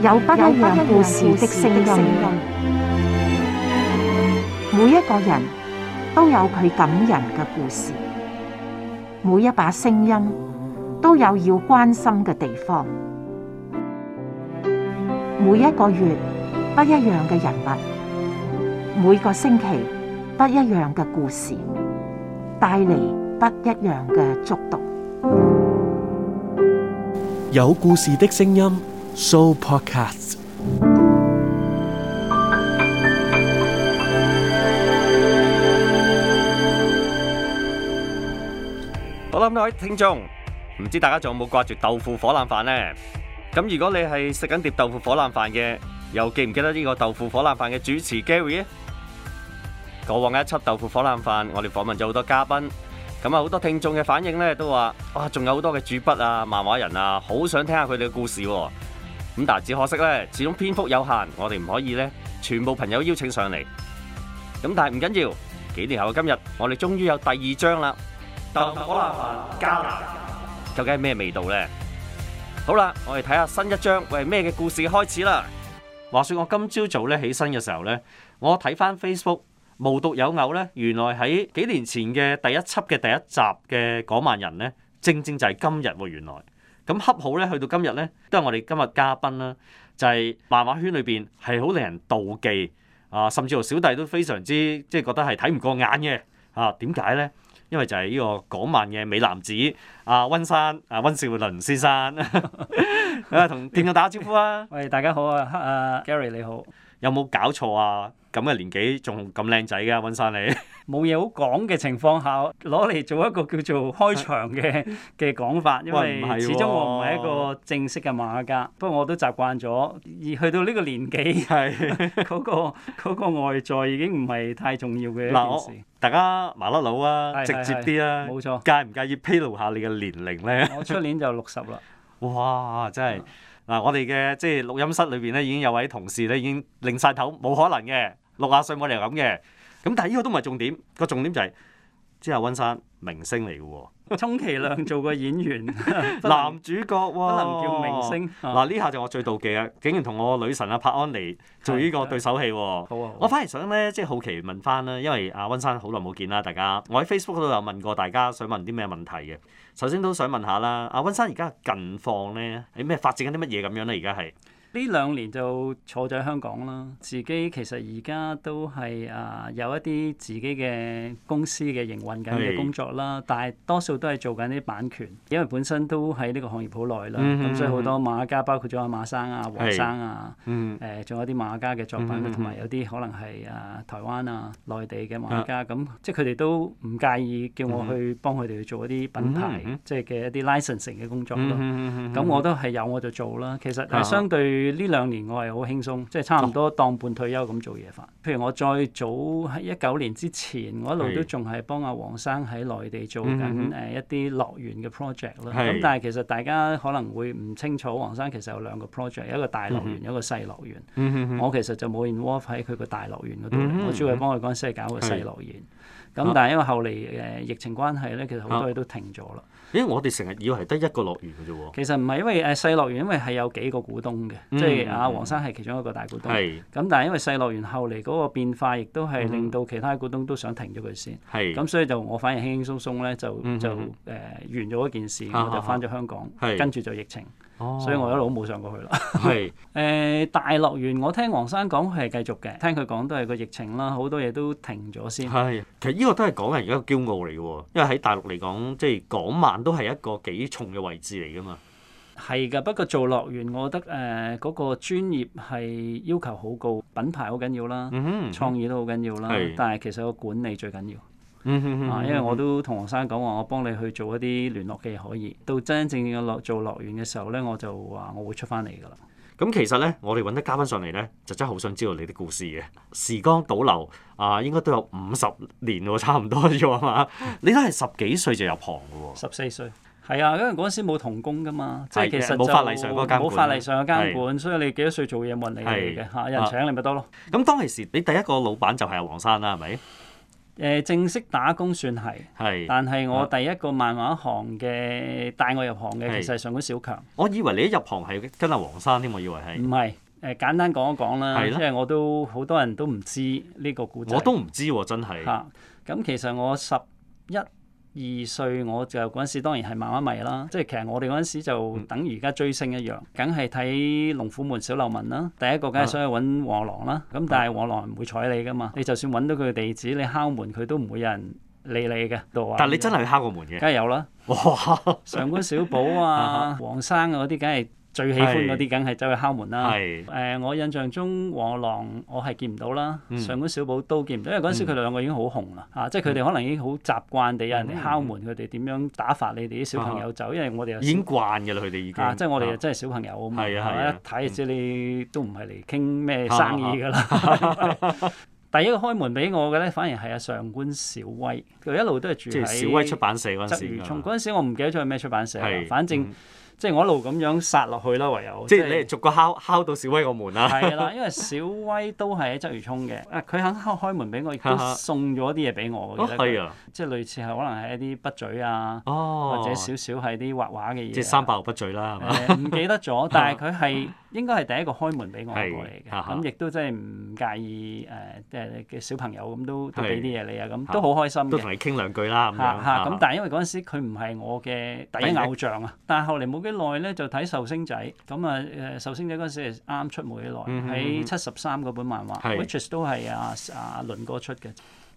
有不一樣故事的聲音，每一個人都有佢感人嘅故事，每一把聲音都有要關心嘅地方，每一個月不一樣嘅人物，每個星期不一樣嘅故事，帶嚟不一樣嘅觸動。有故事的聲音。Soul Podcast。好啦，咁多位聽眾，唔知大家仲有冇掛住豆腐火腩飯呢？咁如果你係食緊碟豆腐火腩飯嘅，又記唔記得呢個豆腐火腩飯嘅主持 Gary 咧？過往一輯豆腐火腩飯，我哋訪問咗好多嘉賓，咁啊好多聽眾嘅反應咧都話，哇，仲有好多嘅主筆啊、漫畫人啊，好想聽下佢哋嘅故事啊。咁但係只可惜咧，始終篇幅有限，我哋唔可以咧全部朋友邀請上嚟。咁但係唔緊要，幾年後嘅今日，我哋終於有第二章啦。但好麻煩，加啦，究竟係咩味道咧？好啦，我哋睇下新一章，係咩嘅故事開始啦？話說我今朝早咧起身嘅時候咧，我睇翻 Facebook，無獨有偶咧，原來喺幾年前嘅第一輯嘅第一集嘅嗰萬人咧，正正就係今日喎，原來。咁恰好咧，去到今日咧，都係我哋今日嘉賓啦，就係漫畫圈裏邊係好令人妒忌啊，甚至乎小弟都非常之即係覺得係睇唔過眼嘅啊。點解咧？因為就係呢個港漫嘅美男子啊，温山啊，温兆倫先生同店長打招呼啊！ 喂，大家好啊，啊，Gary 你好。有冇搞錯啊？咁嘅年紀仲咁靚仔㗎温生你？冇嘢好講嘅情況下，攞嚟做一個叫做開場嘅嘅講法，因為始終我唔係一個正式嘅馬甲。不過我都習慣咗，而去到呢個年紀，嗰是、 嗰個嗰、嗰個外在已經唔係太重要嘅一件事。嗱 大家麻甩佬啊，是直接啲啊。冇錯。介唔介意披露下你嘅年齡咧？ 我出年就六十啦。 哇！真係～嗱、啊，我哋嘅即係錄音室裏邊咧，已經有位同事咧已經擰晒頭，冇可能嘅，六啊歲冇理由咁嘅。咁但係呢個都唔係重點，個重點就係之後温生明星嚟嘅喎。充其量做個演員， 男主角哇，不能叫明星。嗱呢、啊啊啊、下就我最妒忌嘅，竟然同我女神阿柏安妮做呢個對手戲的、啊啊。好、啊、我反而想咧，即係好奇問翻啦，因為阿温生好耐冇見啦，大家。我喺 Facebook 度有問過大家想問啲咩問題嘅。首先都想問下啦，阿温生而家近況咧，係、欸、咩發展緊啲乜嘢咁樣咧？而家係。呢兩年就坐咗喺香港啦，自己其實而家都係啊、呃、有一啲自己嘅公司嘅營運緊嘅工作啦，但係多數都係做緊啲版權，因為本身都喺呢個行業好耐啦，咁、嗯、哼所以好多馬家包括咗阿馬生啊、黃生啊，誒仲、嗯呃、有啲馬家嘅作品，同埋、嗯、哼有啲可能係啊、呃、台灣啊、內地嘅馬家，咁、啊、即係佢哋都唔介意叫我去幫佢哋做一啲品牌，嗯、哼即係嘅一啲 license 嘅工作咯。咁我都係有我就做啦，其實係相對。呢兩年我係好輕鬆，即係差唔多當半退休咁做嘢翻。哦、譬如我再早喺一九年之前，我一路都仲係幫阿黃生喺內地做緊誒一啲樂園嘅 project 啦。咁、嗯、哼但係其實大家可能會唔清楚，黃生其實有兩個 project，一個大樂園，嗯、哼一個細樂園。嗯、哼我其實就冇 involve 喺佢個大樂園嗰度，我主要係幫佢公司搞個細樂園。咁但係因為後嚟誒、呃、疫情關係咧，其實好多嘢都停咗啦。咦，我哋成日以為得一個樂園嘅啫喎。其實唔係，因為誒、啊、細樂園，因為係有幾個股東嘅，嗯、即係阿黃生係其中一個大股東。咁是但係因為細樂園後嚟嗰個變化，亦都係令到其他股東都想停咗佢先。咁是所以就我反而輕輕鬆鬆咧，就、嗯、哼就誒、呃、完咗一件事，啊啊啊我就翻咗香港，是跟住就疫情，啊啊所以我一路都冇上過去啦。係 是、呃。大樂園，我聽黃生講佢係繼續嘅，聽佢講都係個疫情啦，好多嘢都停咗先。其實呢個都係講係而家個驕傲嚟嘅喎，因為喺大陸嚟講，即係講埋。都係一個幾重嘅位置嚟噶嘛？係噶，不過做樂園，我覺得誒嗰、呃嗰個專業係要求好高，品牌好緊要啦，嗯、哼創意都好緊要啦。嗯、哼但係其實個管理最緊要。嗯嗯、啊，因為我都同學生講話，我幫你去做一啲聯絡嘅嘢可以。到真正嘅落做樂園嘅時候咧，我就話我會出翻嚟㗎啦。咁其實咧，我哋揾得嘉賓上嚟咧，就真係好想知道你啲故事嘅。時光倒流啊，應該都有五十年喎，差唔多啫嘛。你都係十幾歲就入行嘅喎。十四歲，係啊，因為嗰陣時冇童工㗎嘛，即係其實冇法例上嘅監管，冇、啊、法例上嘅監管，監管啊、所以你幾多歲做嘢冇人理你嘅嚇，啊、人請你咪得咯。咁當其時，你第一個老闆就係阿黃生啦，係咪？誒，正式打工算係，係，但係我第一個漫畫行嘅、帶我入行嘅其實係上官小強。我以為你一入行係跟阿黃生添，我以為係。唔係，誒、呃、簡單講一講啦，係，即係我都好多人都唔知呢個故事。我都唔知喎，啊，真係。嚇！咁其實我十一。二歲我就嗰陣時當然係漫畫迷啦，即係其實我哋嗰陣時就等而家追星一樣，梗係睇《龍虎門》《小流氓》啦。第一個梗係想去揾黃狼啦，咁但係黃狼唔會睬你㗎嘛。你就算揾到佢地址，你敲門佢都唔會有人理你嘅，到啊！但係你真係去敲過門嘅，梗係有啦。哇！ 上官小寶啊，黃 生啊嗰啲，梗係。最喜歡嗰啲梗係走去敲門啦。誒，我印象中黃玉郎我係見唔到啦，上官小寶都見唔到，因為嗰陣時佢哋兩個已經好紅啦。嚇，即係佢哋可能已經好習慣地有人敲門，佢哋點樣打發你哋啲小朋友走，因為我哋已經慣㗎啦，佢哋已經。即係我哋又真係小朋友啊嘛，係睇即係你都唔係嚟傾咩生意㗎啦。第一個開門俾我嘅咧，反而係阿上官小威，佢一路都係住喺小威出版社嗰陣時。嗰時我唔記得咗係咩出版社，反正。即係我一路咁樣殺落去啦，唯有。即係是是你逐個敲敲到小威個門啦。係啦， 因為小威都係喺鰂魚涌嘅，佢、啊、肯開開門俾我，都送咗啲嘢俾我、啊、我、啊啊、哦，得，即係類似係可能係一啲筆咀啊，或者少少係啲畫畫嘅嘢。即係三百六筆咀啦，係咪？誒、 呃，唔記得咗，但係佢係。 應該係第一個開門俾我過嚟嘅，咁亦都真係唔介意誒，即係嘅小朋友咁都都俾啲嘢你啊，咁都好開心嘅。都同你傾兩句啦，咁但係因為嗰陣時佢唔係我嘅第一偶像啊，但係後嚟冇幾耐咧，就睇壽星仔，咁啊誒壽星仔嗰陣時係啱出冇幾耐，喺七十三嗰本漫畫，which is 都係阿阿倫哥出嘅，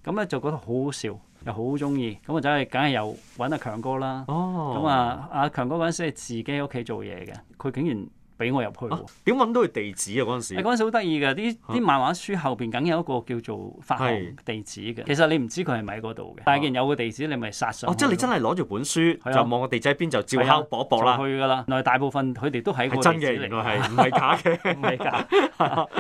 咁咧就覺得好好笑，又好中意，咁我就梗係又揾阿強哥啦。咁啊阿強哥嗰陣時係自己喺屋企做嘢嘅，佢竟然～俾我入去喎、啊？點揾、啊、到佢地址啊？嗰陣時，嗰、 那個、時好得意嘅，啲啲漫畫書後邊梗有一個叫做發行地址嘅。是其實你唔知佢係咪喺嗰度嘅。啊、但係既然有個地址，你咪殺上。即係你真係攞住本書就望個地址喺邊就照敲博博啦。去㗎啦。原來大部分佢哋都喺個真嘅，原來係唔係假嘅？唔 係 假。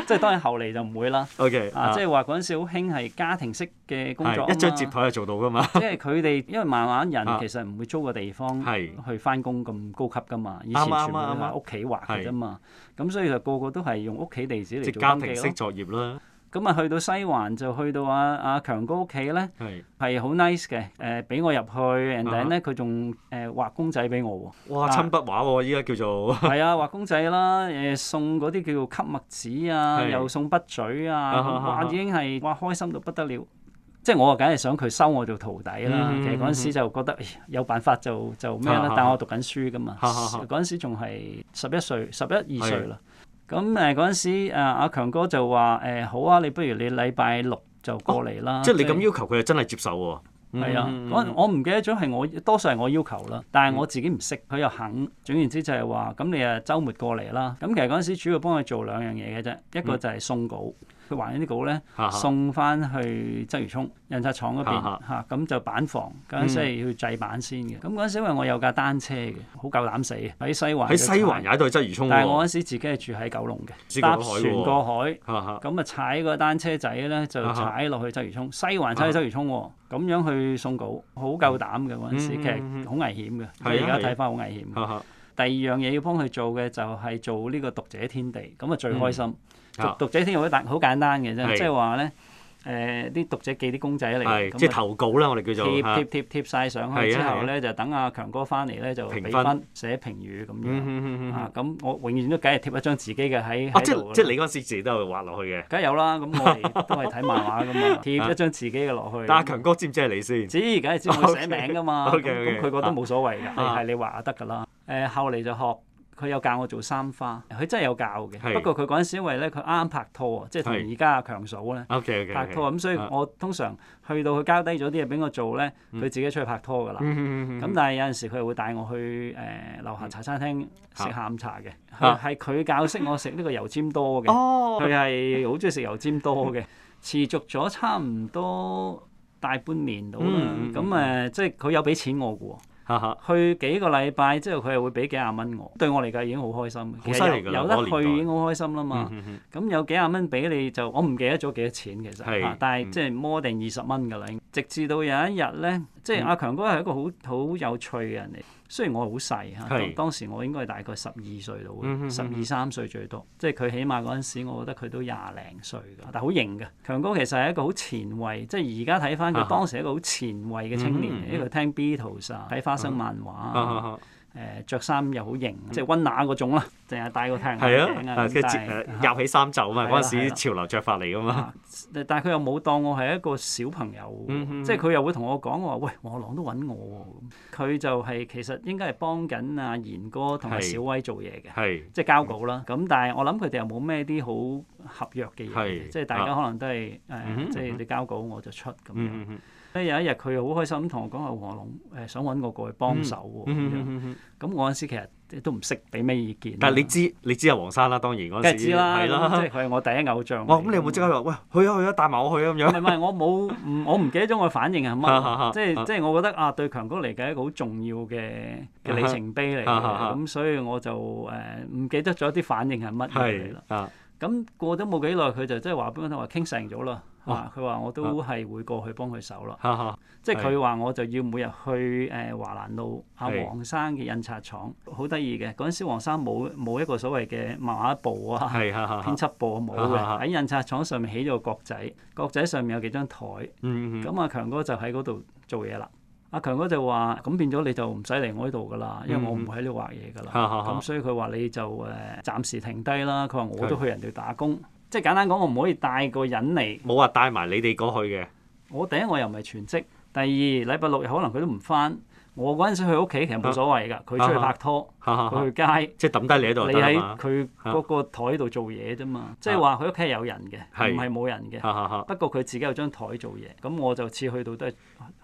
即係當然後嚟就唔會啦。即係話嗰陣時好興係家庭式嘅工作。一張摺枱就做到㗎嘛。即係佢哋因為漫畫人其實唔會租個地方去返工咁高級㗎嘛。啱啱啱。以前全部都係。屋企畫嘛，咁所以就個個都係用屋企地址嚟做家庭式作業啦。咁啊，去到西環就去到阿阿強哥屋企咧，係好 nice 嘅。誒，俾、呃、我入去，人哋咧佢仲誒畫公仔俾我喎。哇，啊、親筆畫喎、啊，依家叫做係 啊，畫公仔啦，誒、呃、送嗰啲叫做吸墨紙啊，是又送筆嘴啊，uh, uh, uh, 畫哇，已經係哇開心到不得了。即係我啊，梗係想佢收我做徒弟啦。嗯、其實嗰陣時就覺得，有辦法就就咩啦。啊、但我讀緊書噶嘛，嗰陣、啊啊、時仲係十一歲、十一二歲啦。咁誒嗰陣時，阿、啊、阿強哥就話誒、欸、好啊，你不如你禮拜六就過嚟啦。哦、即係你咁要求佢係以真係接受喎。係啊，啊嗯、我唔記得咗係我多數係我要求啦，但係我自己唔識，佢又肯。總言之就係話，咁你誒週末過嚟啦。咁其實嗰陣時主要幫佢做兩樣嘢嘅啫，一個就係送稿。嗯佢還緊啲稿咧，送翻去鰂魚湧印刷廠嗰邊嚇，咁是、啊、就版房嗰陣時要製版先嘅。咁嗰陣時因為我有架單車嘅，好夠膽，膽死喺西環。喺西環踩到去鰂魚湧。但係我嗰陣時自己係住喺九龍嘅，搭船過海，咁啊踩個單車仔咧就踩落去鰂魚湧，是是是西環踩去鰂魚湧，咁樣去送稿，好夠膽嘅嗰陣時，其實好危險嘅，你而家睇翻好危險。是是是第二樣嘢要幫佢做嘅就係做呢個讀者天地，咁啊最開心。讀者天地好大好簡單嘅啫，即係話咧誒啲讀者寄啲公仔嚟，即係投稿啦，我哋叫做貼貼貼貼晒上去之後咧，就等阿強哥翻嚟咧就評分寫評語咁樣。咁我永遠都梗係貼一張自己嘅喺，即係即係你嗰陣時都有畫落去嘅。梗係有啦，咁我哋都係睇漫畫咁啊，貼一張自己嘅落去。但強哥知唔知係你先？知，梗係知我寫名噶嘛。咁佢覺得冇所謂㗎，係你畫就得㗎啦。誒後嚟就學佢有教我做三花，佢真係有教嘅。是不過佢嗰陣時因為咧，佢啱啱拍拖啊，即係同而家阿強嫂咧、okay, okay, okay, 拍拖咁、嗯，所以我通常去到佢交低咗啲嘢俾我做咧，佢自己出去拍拖噶啦。咁、嗯嗯嗯嗯、但係有陣時佢會帶我去誒樓下茶餐廳食下午茶嘅，係佢、啊、教識我食呢個油尖多嘅。佢係好中意食油尖多嘅，持續咗差唔多大半年到啦。咁誒、嗯嗯嗯，即係佢有俾錢我嘅喎。Uh huh. 去幾個禮拜之後，佢又會俾幾廿蚊我，對我嚟講已經好開心，好犀利㗎，有得去已經好開心啦嘛。咁、那個、有幾廿蚊俾你就，我唔記得咗幾多錢其實，是啊、但係、嗯、即係摩定二十蚊㗎啦。直至到有一日咧，即係阿、嗯啊、強哥係一個好好有趣嘅人嚟。雖然我好細嚇，當是當時我應該係大概十二歲到，十二三歲最多。嗯、哼即係佢起碼嗰陣時，我覺得佢都廿零歲嘅。但係好型嘅強哥其實係一個好前衛，嗯、哼即係而家睇翻佢當時係一個好前衛嘅青年，呢佢，嗯、哼聽 Beatles 啊、嗯哼，睇花生漫畫。嗯誒著衫又好型，即係溫拿嗰種啦，淨係戴個太陽眼鏡啊，佢折夾起衫袖啊嘛，嗰陣時潮流著法嚟噶嘛。但係佢又冇當我係一個小朋友，即係佢又會同我講話，喂，王朗都揾我喎。佢就係其實應該係幫緊阿賢哥同埋小威做嘢嘅，即係交稿啦。咁但係我諗佢哋又冇咩啲好合約嘅嘢，即係大家可能都係誒，即係你交稿我就出咁樣。有一日佢好開心咁同我講話，黃龍誒想揾我過去幫手喎咁樣。咁我嗰時其實都唔識俾咩意見。但係你知你知阿黃生啦，當然我梗係知啦，即係佢係我第一偶像。咁你有冇即刻話，喂去啊去啊帶埋我去啊咁樣？唔係唔係，我冇我唔記得咗我反應係乜，即係即係我覺得啊對強哥嚟講係一個好重要嘅里程碑嚟嘅，咁所以我就誒唔記得咗啲反應係乜嘢啦。咁過咗冇幾耐，佢就即係話俾我聽話傾成咗啦。啊！佢話我都係會過去幫佢手啦。即係佢話我就要每日去誒、呃、華蘭路阿黃、啊、生嘅印刷廠，好得意嘅。嗰陣時黃生冇冇一個所謂嘅漫畫部啊，啊編輯部冇嘅。喺印刷廠上面起咗個角仔，角仔上面有幾張台。咁阿、嗯、哼強哥就喺嗰度做嘢啦。阿、啊、強哥就話，咁變咗你就唔使嚟我呢度㗎啦，因為我唔喺呢度畫嘢㗎啦。嚇，咁所以佢話你就誒暫時停低啦。佢話我都去人哋打工。啊啊啊即係簡單講，我唔可以帶個人嚟。冇話帶埋你哋過去嘅。我第一我又唔係全職，第二禮拜六日可能佢都唔翻。我嗰陣時去屋企其實冇所謂㗎，佢、啊、出去拍拖，啊啊、去街。即係揼低你喺度，你喺佢嗰個台度做嘢啫嘛。即係話佢屋企係有人嘅，唔係冇人嘅。啊啊啊、不過佢自己有張台做嘢，咁我就似去到都係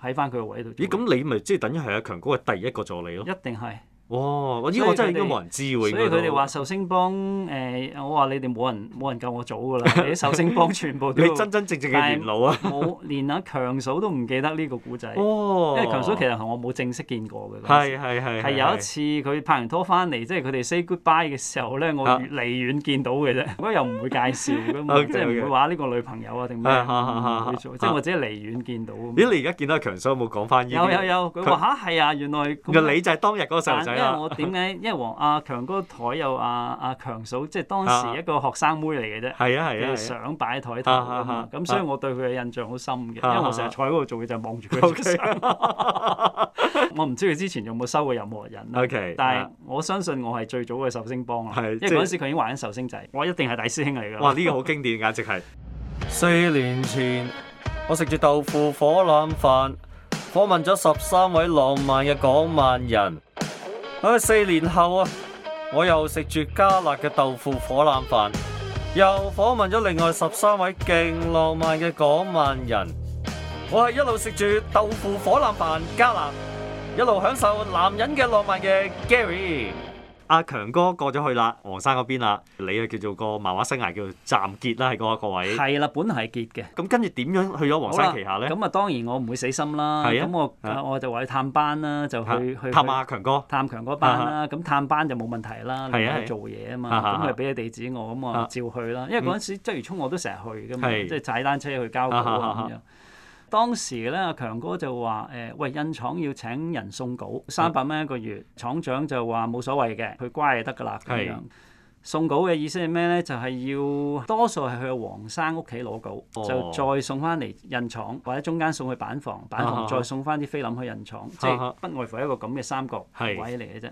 喺翻佢個位度。咦？咁你咪即係等於係阿強哥嘅第一個助理咯？一定係。哇！我呢個真係應該冇人知喎。所以佢哋話壽星幫誒，我話你哋冇人冇人夠我早㗎啦！啲壽星幫全部都你真真正正嘅元老啊！冇連阿強嫂都唔記得呢個古仔。哦，因為強嫂其實同我冇正式見過嘅。係係係係。係有一次佢拍完拖翻嚟，即係佢哋 say goodbye 嘅時候咧，我離遠見到嘅啫。咁又唔會介紹㗎嘛，即係唔會話呢個女朋友啊定咩？唔會做，即係我只係離遠見到。咦？你而家見到阿強嫂有冇講翻呢啲？有有有，佢話吓係啊，原來。其實你就係當日嗰個細路仔。因為我點解？因為黃阿強哥台有阿阿強嫂，即係當時一個學生妹嚟嘅啫。係啊係啊，想擺台頭。咁所以我對佢嘅印象好深嘅，因為我成日坐喺嗰度做嘢，就望住佢。我唔知佢之前有冇收過任何人。OK，但係我相信我係最早嘅壽星幫啊。因為嗰陣時佢已經玩緊壽星仔，我一定係大師兄嚟㗎。哇！呢個好經典，簡直係四年前，我食住豆腐火腩飯，我問咗十三位浪漫嘅港萬人。四年後啊，我又食住加辣嘅豆腐火腩飯，又訪問咗另外十三位勁浪漫嘅港萬人，我係一路食住豆腐火腩飯加辣，一路享受男人嘅浪漫嘅 Gary。阿強哥過咗去啦，黃山嗰邊啦，你啊叫做個漫畫生涯叫做暫結啦，係嗰個位。係啦，本來係結嘅。咁跟住點樣去咗黃山旗下咧？咁啊當然我唔會死心啦。咁我我就話去探班啦，就去去，探阿強哥。探強哥班啦，咁探班就冇問題啦。你係啊，做嘢啊嘛。咁啊俾個地址我，咁我照去啦。因為嗰陣時鰂魚涌我都成日去㗎嘛，即係踩單車去交稿啊咁樣。當時咧，阿強哥就話：誒、欸，喂，印廠要請人送稿，三百蚊一個月。啊、廠長就話冇所謂嘅，佢乖就得㗎啦。咁樣是送稿嘅意思係咩咧？就係、是、要多數係去黃生屋企攞稿，哦、就再送翻嚟印廠，或者中間送去板房，板房、啊、再送翻啲菲林去印廠，啊、哈即係不外乎一個咁嘅三角位嚟嘅啫。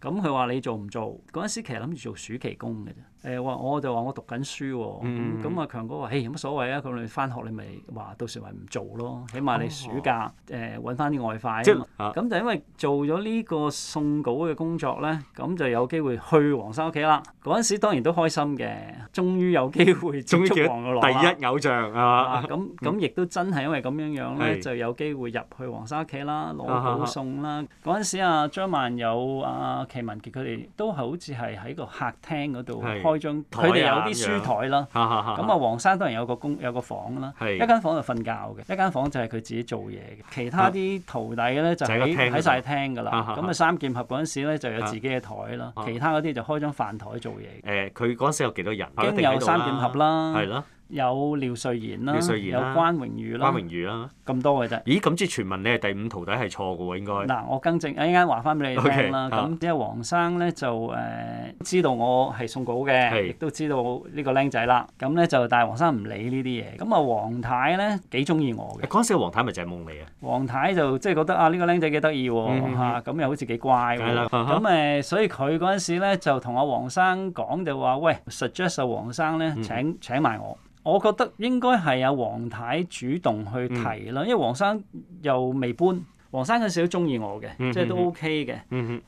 咁佢話你做唔做？嗰陣時其實諗住做暑期工嘅啫。誒我我就話我讀緊書喎，咁阿強哥話：誒，有乜所謂啊？佢哋返學你咪話到時咪唔做咯，起碼你暑假誒搵返啲外快。咁就因為做咗呢個送稿嘅工作咧，咁就有機會去黃生屋企啦。嗰陣時當然都開心嘅，終於有機會接觸黃樂，第一偶像啊！咁咁亦都真係因為咁樣樣咧，就有機會入去黃生屋企啦，攞稿送啦。嗰陣時阿張曼友、阿祁文傑佢哋都係好似係喺個客廳嗰度開張，佢哋有啲書台啦。咁啊，啊啊嗯、黃生當然有個工，有個房啦是。一間房就瞓覺嘅，一間房就係佢自己做嘢嘅。其他啲徒弟咧就喺晒曬廳噶啦。咁啊，廳廳三劍俠嗰陣時咧就有自己嘅台啦。啊啊、其他嗰啲就開張飯台做嘢嘅。誒、啊，佢嗰陣時有幾多人？已經有三劍俠啦。係囉、啊。有廖瑞妍啦，有關榮如啦，關榮如啦、啊，咁多嘅啫。咦？咁即傳聞你係第五徒弟係錯嘅喎，應該。嗱，我更正，一陣間話翻俾你聽啦。咁即黃生咧就誒、呃、知道我係送稿嘅，亦是都知道個呢個僆仔啦。咁咧就但係黃生唔理呢啲嘢。咁啊，黃太咧幾中意我嘅。嗰陣時黃太咪就係夢你啊。黃太就即覺得啊呢個僆仔幾得意喎，咁又好似幾乖。係咁誒所以佢嗰陣時咧就同阿黃生講就話喂，suggest 阿黃生咧請請埋我、嗯。我覺得應該係阿黃太主動去提啦，因為黃生又未搬，黃生嗰時都中意我嘅，嗯、哼即係都 OK 嘅。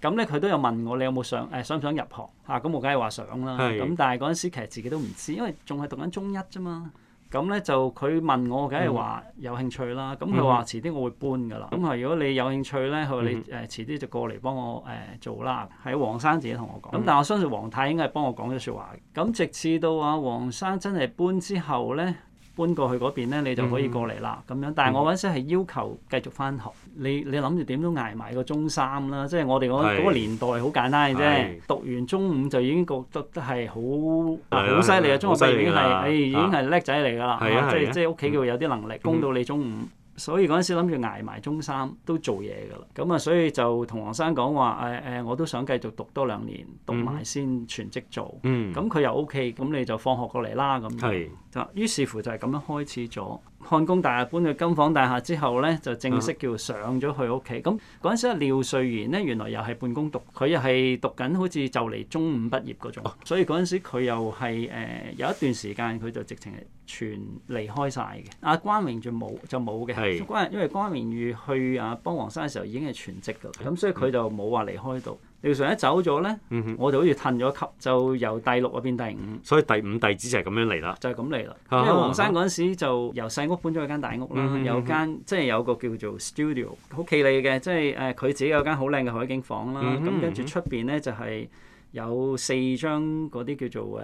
咁咧佢都有問我，你有冇想誒想唔想入行？嚇、啊，咁我梗係話想啦。咁、嗯、但係嗰陣時其實自己都唔知，因為仲係讀緊中一咋嘛。咁咧就佢問我，梗係話有興趣啦。咁佢話遲啲我會搬噶啦。咁係如果你有興趣咧，佢話你誒、呃、遲啲就過嚟幫我誒、呃、做啦。係黃生自己同我講。咁、嗯、哼但係我相信黃太應該係幫我講咗說話。咁直至到阿黃生真係搬之後咧。搬過去嗰邊咧，你就可以過嚟啦咁樣。但係我嗰陣時係要求繼續返學，你你諗住點都捱埋個中三啦。即係我哋嗰嗰個年代好簡單嘅啫，讀完中五就已經覺得係好好犀利啊！中學畢業已經係誒已經係叻仔嚟㗎啦，即係即係屋企叫有啲能力供到你中五。所以嗰陣時諗住捱埋中三都做嘢㗎喇，咁、嗯、啊所以就同黃生講話誒誒，我都想繼續讀多兩年，讀埋先全職做。咁佢、嗯、又 OK，咁你就放學過嚟啦咁樣。就是於是乎就係咁樣開始咗。漢宮大廈搬去金房大廈之後咧，就正式叫上咗去屋企。咁嗰陣時廖元呢，廖瑞賢咧原來又係半工讀，佢又係讀緊好似就嚟中五畢業嗰種，所以嗰陣時佢又係誒、呃、有一段時間佢就直情係全離開晒嘅。阿關明玉就冇就冇嘅，關是因為關明玉去阿幫黃生嘅時候已經係全職㗎，咁所以佢就冇話離開到。嗯廖 Sir 一走咗咧，嗯、哼我就好似褪咗級，就由第六啊變第五。所以第五弟子就係咁樣嚟啦。就係咁嚟啦。因為黃生嗰陣時就由細屋搬咗去間大屋啦，嗯、哼有間即係、就是、有個叫做 studio，好企理嘅，即係誒佢自己有間好靚嘅海景房啦。咁跟住出邊咧就係有四張嗰啲叫做誒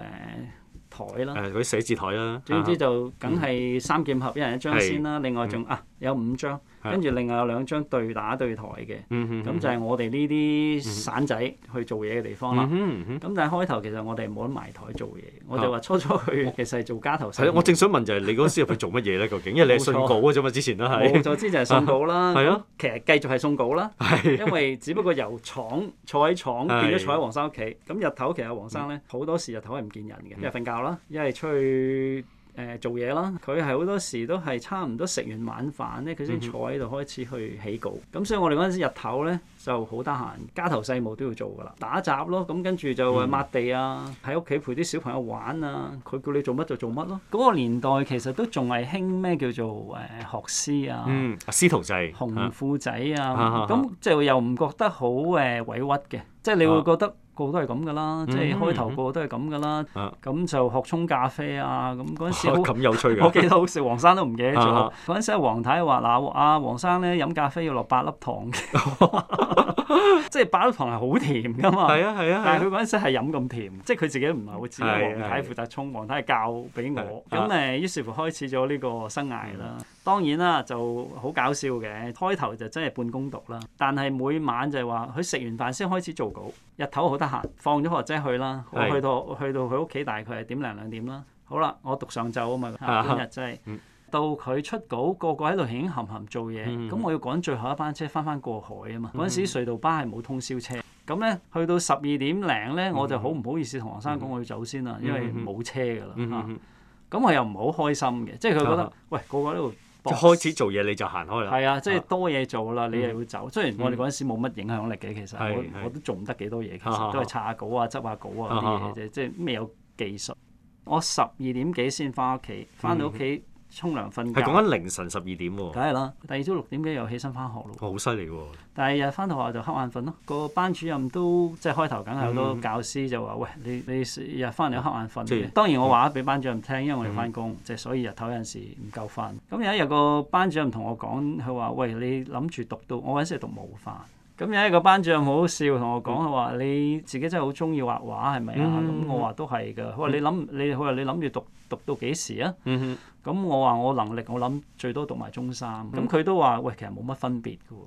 台啦。誒嗰啲寫字台啦。啊、總之就梗係三劍合一人一張先啦。是另外仲啊有五張。跟住另外有兩張對打對台嘅，咁就係我哋呢啲散仔去做嘢嘅地方啦。咁但係開頭其實我哋冇得埋台做嘢，我就話初初去其實係做家頭事。我正想問就係你嗰時入去做乜嘢咧？究竟因為你係送稿嘅咋嘛？之前都係。冇錯，之前就係送稿啦。係咯，其實繼續係送稿啦。因為只不過由廠坐喺廠變咗坐喺黃生屋企。咁日頭其實黃生咧好多時日頭係唔見人嘅，一係瞓覺啦，一係出去。誒、呃、做嘢啦，佢係好多時都係差唔多食完晚飯咧，佢先坐喺度開始去起稿。咁、嗯、哼所以我哋嗰陣時日頭咧就好得閒，家頭細務都要做噶啦，打雜咯。咁跟住就抹地啊，喺屋企陪啲小朋友玩啊。佢叫你做乜就做乜咯。嗰個年代其實都仲係興咩叫做誒、呃、學師啊，嗯，師徒制、紅褲仔啊。咁、啊、就又唔覺得好誒、呃、委屈嘅，即係你會覺得。個個都係咁噶啦，即係開頭個個都係咁噶啦。咁、嗯、就學沖咖啡啊，咁嗰陣時好有趣，我記得好似。黃生都唔記得咗。嗰陣 時黃太話：嗱、啊，阿黃生咧飲咖啡要落八粒糖嘅，即係八粒糖係好甜噶嘛。係啊係啊，啊但係佢嗰陣時係飲咁甜，啊啊、即係佢自己都唔係好知。黃、啊啊、太負責沖，黃太係教俾我。咁誒、啊、於是乎開始咗呢個生涯啦。啊、當然啦，就好搞笑嘅，開頭就真係半工讀啦。但係每晚就係話佢食完飯先開始做稿，日頭好得。放咗學姐去啦，我去到我去到佢屋企大概係點零兩點啦。好啦，我讀上晝啊嘛，今日真係。到佢出稿，個個喺度影含含做嘢。咁、嗯嗯、我要趕最後一班車翻翻過海啊嘛。嗰陣、嗯嗯、時隧道巴係冇通宵車，咁咧去到十二點零咧，我就好唔好意思同黃生講我要先走先啦，因為冇車噶啦嚇。咁、嗯嗯嗯啊、我又唔係好開心嘅，即係佢覺得嗯嗯喂個個喺度，就係開始做嘢你就行開啦。係啊，即、就、係、是、多嘢做啦，你又要走。嗯、雖然我哋嗰陣時冇乜影響力嘅，其實我是是我都做唔得幾多嘢，其實、哦、都係查下稿啊、執下稿啊嗰啲嘢啫，即係未有技術。我十二點幾先返屋企，返到屋企。沖涼瞓覺係講緊凌晨十二點喎、哦，梗係啦。第二朝六點幾又起身翻學咯。好犀利喎！哦、但係日翻到學校就瞌眼瞓咯。個班主任都即係開頭梗係好多教師就話：嗯、喂，你你日翻嚟都瞌眼瞓嘅。嗯、當然我話咗俾班主任聽，因為我哋翻工，即係、嗯、所以日頭有陣時唔夠瞓。咁、嗯、有一日個班主任同我講，佢話：喂，你諗住讀到？我嗰陣時讀模範。咁有一個班長好好笑，同我講佢話：嗯、你自己真係好中意畫畫係咪啊？咁、嗯嗯、我話都係噶。佢話你諗，嗯、你佢話你諗住讀讀到幾時啊？咁我話我能力我諗最多讀埋中三。咁佢、嗯、都話：喂，其實冇乜分別噶喎。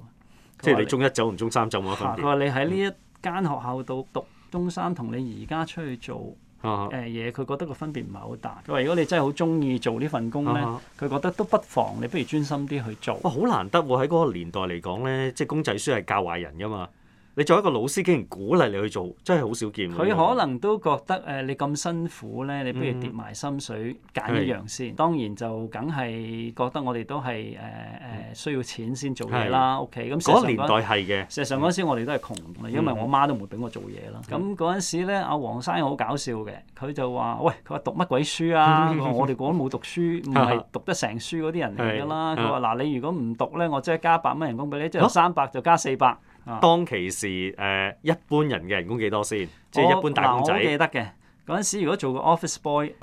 即係你中一走同中三走冇乜分別。佢話、啊、你喺呢一間學校度讀中三，同你而家出去做。嗯嗯誒嘢，佢、uh huh. 覺得個分別唔係好大。佢話：如果你真係好中意做呢份工咧，佢、uh huh. 覺得都不妨你不如專心啲去做。哇！好難得喎、啊，喺嗰個年代嚟講咧，即係公仔書係教壞人噶嘛。你作為一個老師，竟然鼓勵你去做，真係好少見。佢可能都覺得誒，你咁辛苦咧，你不如跌埋心水揀一樣先。當然就梗係覺得我哋都係誒誒需要錢先做嘢啦。屋企咁嗰年代係嘅。事實上嗰時我哋都係窮，因為我媽都唔會俾我做嘢啦。咁嗰陣時咧，阿黃生又好搞笑嘅，佢就話：喂，佢話讀乜鬼書啊？我哋嗰陣冇讀書，唔係讀得成書嗰啲人嚟噶啦。佢話：嗱，你如果唔讀咧，我即係加一百蚊人工俾你，即係三百就加四百。啊、當其時，誒、呃、一般人嘅人工幾多先？即係一般打工仔。嗱、啊，我記得嘅嗰陣時，如果做個 office boy，六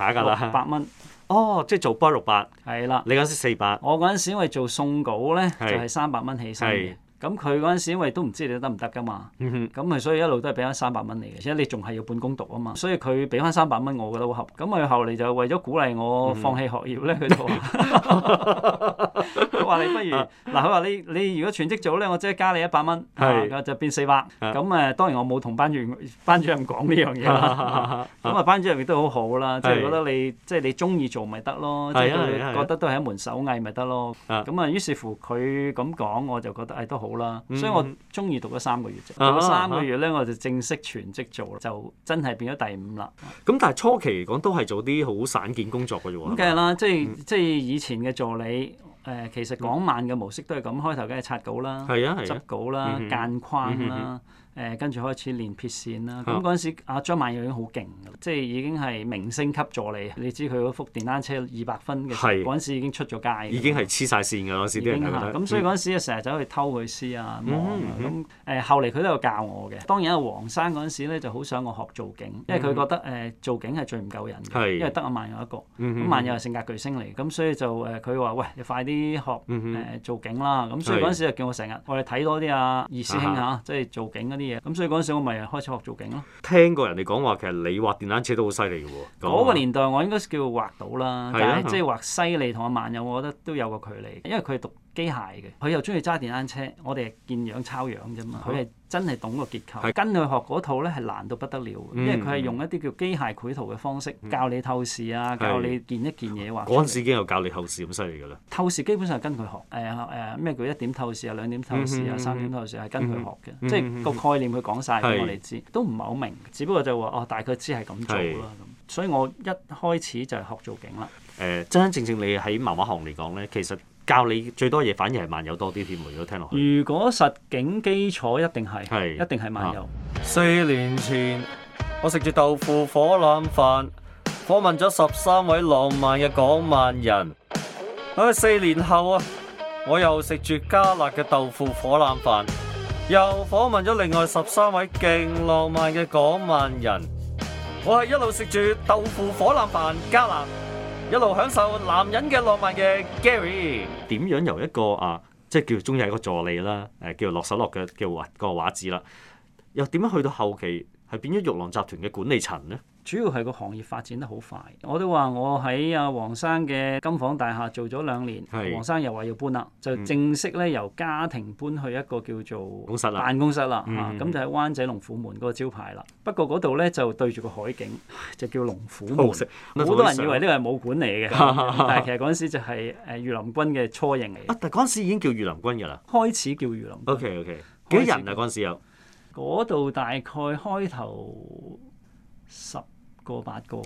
百蚊。元哦，即係做 boy 六百。係啦。你嗰陣時四百。我嗰陣時因為做送稿咧，就係三百蚊起薪嘅。咁佢嗰陣時，因為都唔知你得唔得噶嘛，咁咪所以一路都係俾翻三百蚊你嘅，因為你仲係要半工讀啊嘛，所以佢俾翻三百蚊，我覺得好合。咁佢後嚟就為咗鼓勵我放棄學業咧，佢就話：佢話你不如嗱，佢話你你如果全職做咧，我即係加你一百蚊，係，就變四百。咁誒，當然我冇同班主任、班主任講呢樣嘢啦。咁啊，班主任亦都好好啦，即係覺得你即係你中意做咪得咯，即係覺得都係一門手藝咪得咯。咁啊，於是乎佢咁講，我就覺得誒都好。好啦，嗯、所以我中意讀咗三個月啫。讀咗三個月咧，啊啊、我就正式全職做啦，就真係變咗第五啦。咁、嗯、但係初期嚟講，都係做啲好散件工作嘅喎。咁梗係啦，即係即係以前嘅助理誒、呃，其實港漫嘅模式都係咁，開頭梗係拆稿啦，嗯啊啊、執稿啦，嗯、哼間框啦。嗯誒跟住開始練撇線啦，咁嗰陣時阿張萬友已經好勁，即係已經係明星級助理。你知佢嗰幅電單車二百分嘅時候，嗰陣時已經出咗街，已經係黐晒線嘅嗰陣時，啲人咁所以嗰陣時啊，成日走去偷佢師啊，咁誒後嚟佢都有教我嘅。當然阿黃生嗰陣時咧，就好想我學做景，因為佢覺得誒做景係最唔夠人嘅，因為得阿萬友一個。咁萬友係性格巨星嚟，咁所以就誒佢話：喂，你快啲學誒做景啦。咁所以嗰陣時就叫我成日我哋睇多啲啊，二師兄嚇，即係做景嗰啲。咁所以嗰陣時我咪開始學做景咯。聽過人哋講話，其實你畫電單車都好犀利㗎喎。嗰個年代我應該叫畫到啦，即係畫犀利同阿萬有，我覺得都有個距離，因為佢係讀機械嘅，佢又中意揸電單車。我哋係見樣抄樣啫嘛、嗯。佢係真係懂個結構是。跟佢學嗰套咧，係難到不得了。因為佢係用一啲叫機械繪圖嘅方式，教你透視啊，教你見一件嘢。話嗰陣時已經有教你透視咁犀利㗎啦。透視基本上係跟佢學、呃，誒誒咩叫一點透視啊，兩點透視啊，三點透視係、嗯嗯嗯、跟佢學嘅。即係個概念佢講晒俾是我哋知，都唔係好明。只不過就話哦，大概知係咁做啦咁是。所以我一開始就係學做景啦、呃。誒，真真正正，正你喺漫畫行嚟講咧，其實。教你最多嘢，反而係慢遊多啲添。如果聽落去如果實景基礎一定係，一定係係慢遊。啊、四年前我食住豆腐火腩飯，訪問咗十三位浪漫嘅港漫人。唉、啊，四年後啊，我又食住加辣嘅豆腐火腩飯，又訪問咗另外十三位勁浪漫嘅港漫人。我係一路食住豆腐火腩飯加辣，一路享受男人嘅浪漫嘅 Gary。點樣由一個啊，即係叫做中意係一個助理啦，誒、啊，叫做落手落腳叫畫個畫紙啦，又點樣去到後期係變咗玉郎集團嘅管理層咧？主要係個行業發展得好快，我都話我喺阿黃生嘅金房大廈做咗兩年，黃的生又話要搬啦，就正式咧由家庭搬去一個叫做辦公室啦，咁、嗯啊、就喺灣仔龍虎門嗰個招牌啦。嗯、不過嗰度咧就對住個海景，就叫龍虎門。好 多人以為呢個係武館嚟嘅， 但係其實嗰陣時就係誒御林軍嘅雛形嚟。 啊！但係嗰陣時已經叫御林軍㗎啦，開始叫御林。OK OK，幾開始 多人啊？嗰陣時有嗰度大概開頭十個八個啦，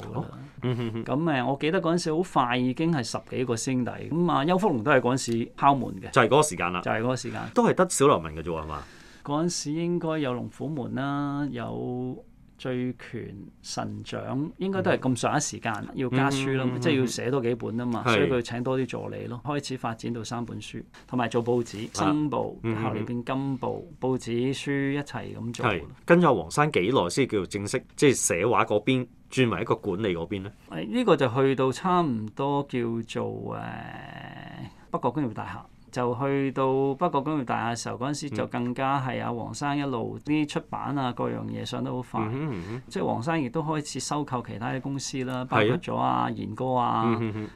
咁誒、哦嗯，我記得嗰陣時好快已經係十幾個師兄弟，咁啊，邱福龍都係嗰陣時敲門嘅，就係嗰個時間啦，就係嗰個時間，都係得小流氓嘅啫嘛，嗰陣時應該有龍虎門啦，有。醉拳神掌應該都係咁上下時間，嗯、要加書咯，嗯嗯，即係要寫多幾本啊嘛，是所以佢請多啲助理咯，開始發展到三本書，同埋做報紙、新報，後嚟，啊、變金報，嗯嗯，報紙書一齊咁做。嗯嗯嗯，跟咗黃生幾耐先叫做正式，即、就、係、是、寫畫嗰邊轉為一個管理嗰邊咧？呢、哎這個就去到差唔多叫做誒、啊、北角工業大廈。就去到北角工業大廈嘅時候，嗰陣時就更加係阿黃生一路啲出版啊各樣嘢上得好快，即係黃生亦都開始收購其他啲公司啦，包括咗阿賢哥啊、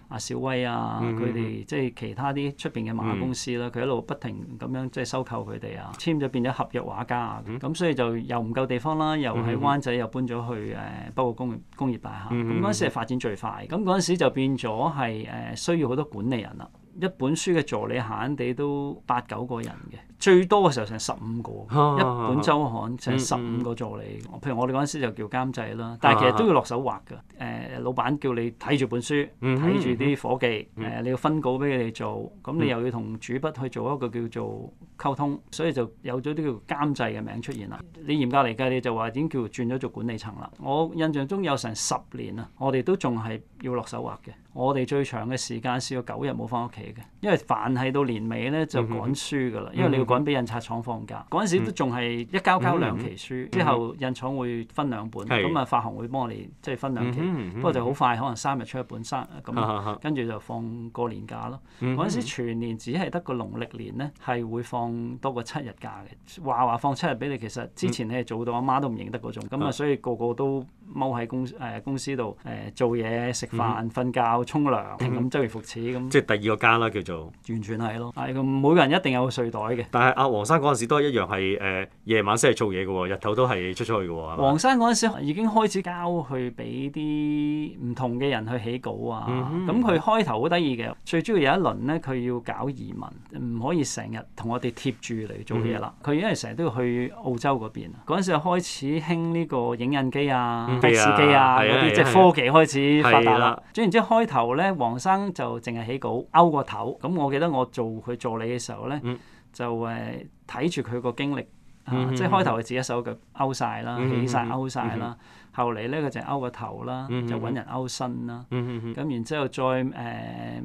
阿小威啊佢哋，即係其他啲出邊嘅漫畫公司啦，佢一路不停咁樣即係收購佢哋啊，簽咗變咗合約畫家啊，咁所以就又唔夠地方啦，又喺灣仔又搬咗去誒北角工業工業大廈，咁嗰陣時係發展最快，咁嗰陣時就變咗係誒需要好多管理人啦。一本書嘅助理，閒閒哋都八九個人嘅。最多嘅時候成十五個、啊、一本周刊，成十五個助理。啊嗯嗯、譬如我哋嗰陣時就叫監製啦，啊、但係其實都要落手畫㗎。誒、啊呃，老闆叫你睇住本書，睇住啲伙計，誒、嗯呃，你要分稿俾佢哋做，咁、嗯、你又要同主筆去做一個叫做溝通，所以就有咗啲叫監製嘅名出現啦。你嚴格嚟計，你就話已經叫轉咗做管理層啦？我印象中有成十年啦，我哋都仲係要落手畫嘅。我哋最長嘅時間試過九日冇翻屋企嘅，因為凡係到年尾咧就趕書㗎啦，因為你要趕俾印刷廠放假，嗰陣時都仲係一交交兩期書，之後印廠會分兩本，咁啊是發行會幫我哋即係分兩期。嗯哼嗯哼，不過就好快，可能三日出一本三咁，啊、哈哈跟住就放過年假咯。嗰陣、嗯嗯、時全年只係得個農曆年咧係會放多過七日假嘅，話話放七日俾你，其實之前你係做到阿、嗯、媽都唔認得嗰種，咁啊所以個個都踎喺公誒、呃、公司度誒、呃、做嘢、食飯、瞓、呃、覺、沖涼，咁周而復始咁。即係第二個家啦，叫做完全係咯，係咁每個人一定有個睡袋嘅。係阿，黃生嗰陣時都係一樣係誒夜晚先係做嘢嘅喎，日頭都係出出去嘅喎、哦。黃生嗰陣時已經開始交去俾啲唔同嘅人去起稿啊。咁佢開頭好得意嘅，最主要有一輪咧，佢要搞移民，唔可以成日同我哋貼住嚟做嘢啦。佢、嗯、哼因為成日都要去澳洲嗰邊啊。嗰陣時開始興呢個影印機啊、打字、嗯、哼機啊嗰啲，即係科技開始發達啦。嗯、哼總言之開呢，開頭咧，黃生就淨係起稿勾個頭。咁我記得我做佢助理嘅時候咧。嗯嗯就誒睇住佢個經歷，啊，嗯、哼即係開頭佢自己一手腳勾晒啦，嗯、哼起晒勾晒啦，後嚟咧佢就勾個頭啦，就揾人勾身啦，咁、嗯、哼然之後再誒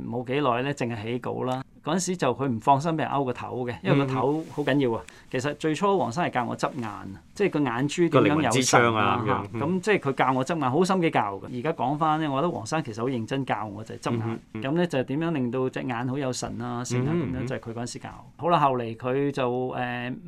冇幾耐咧，淨、呃、係起稿啦。嗰陣時就佢唔放心俾人勾個頭嘅，因為個頭好緊要啊。其實最初黃生係教我執眼，即係個眼珠點咁有智商啊。咁即係佢教我執眼，好心機教嘅。而家講翻咧，我覺得黃生其實好認真教我就係執眼。咁咧、嗯嗯、就點樣令到隻眼好有神啊？成啦咁樣，嗯、就係佢嗰陣時教我。好啦，後嚟佢就誒